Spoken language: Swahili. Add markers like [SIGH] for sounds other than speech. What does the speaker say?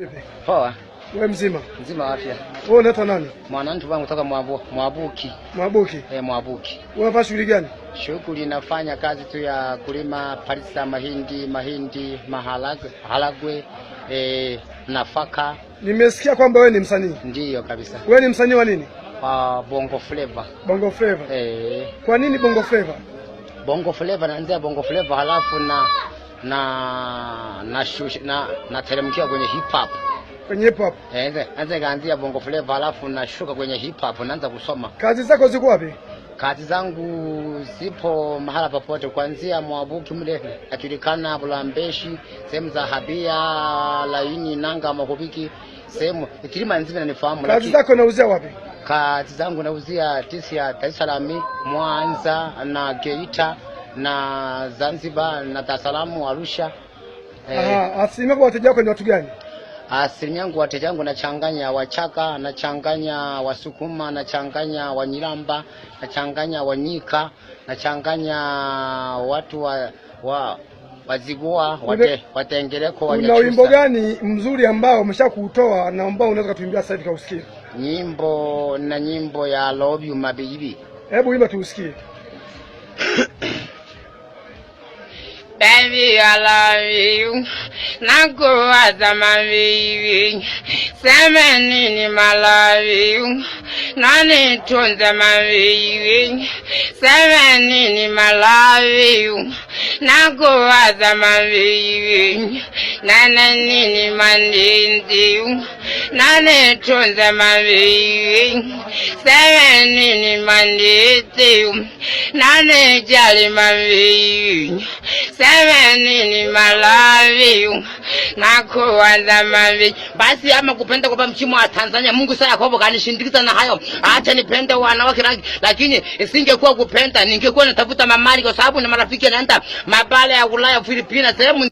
Vipi? Poa. Wewe mzima? Mzima afya. Wewe unaitwa nani? Mwanantu wangu kutoka Mwabu, Mwabuki. Mwabuki? Eh, Mwabuki. Wewe unafanya shughuli gani? Shughuli nafanya kazi tu ya kulima palisa mahindi, mahindi, maharagwe, maharagwe, eh, nafaka. Nimesikia kwamba wewe ni msanii. Ndiyo kabisa. Wewe ni msanii wa nini? Uh, Bongo Flava. Bongo Flava. Eh. Kwa nini Bongo Flava? Bongo Flava naanzia Bongo Flava halafu na na na shush, na nateremkia kwenye hip hop kwenye hip hop eh, anza kaanzia bongo flava, alafu nashuka kwenye hip hop, naanza kusoma. Kazi zako ziko wapi? Kazi zangu zipo mahala popote, kuanzia Mwabuki mle najulikana, Bulambeshi, sehemu za Habia, Laini, Nanga, Mahubiki, sehemu Kilima nzima nanifahamu. Kazi zako nauzia wapi? Kazi zangu nauzia tisi ya Dar es Salaam, Mwanza na Geita na Zanzibar na Dar es Salaam, Arusha. Ah, eh, asilimia kwa wateja wako ni watu gani? Asilimia yangu wateja wangu nachanganya Wachaka, nachanganya Wasukuma, nachanganya Wanyiramba, nachanganya Wanyika, nachanganya watu wa, wa Wazigua, wate, Watengereko, Wanyachusa. Una wimbo gani mzuri ambao umeshakutoa na ambao unaweza kutuimbia sasa hivi kausikia? Nyimbo na nyimbo ya love you my baby. Hebu imba tuusikie. [COUGHS] Bẹ́ẹ̀ni-alárinrin, azama àzàmàrinrin, sẹ́mẹ̀nì ni màlárinrin, nọ́ọ̀nì tó ń zàmàrinrin, ni màlárinrin. nagovaza mavivinyu nananini mandindiu nanetonza mavivinyu sevenini manditiu nanejali mavivinyu nini malaviu nakuwaza mavi basi ama kupenda kwamba mchimo wa Tanzania Mungu saa yakobo kanishindikiza na hayo, acha nipende wanawake rangi, lakini isingekuwa kupenda, ningekuwa natafuta mamali, kwa sababu na marafiki anaenda mabara ya Ulaya, Filipina, sehemu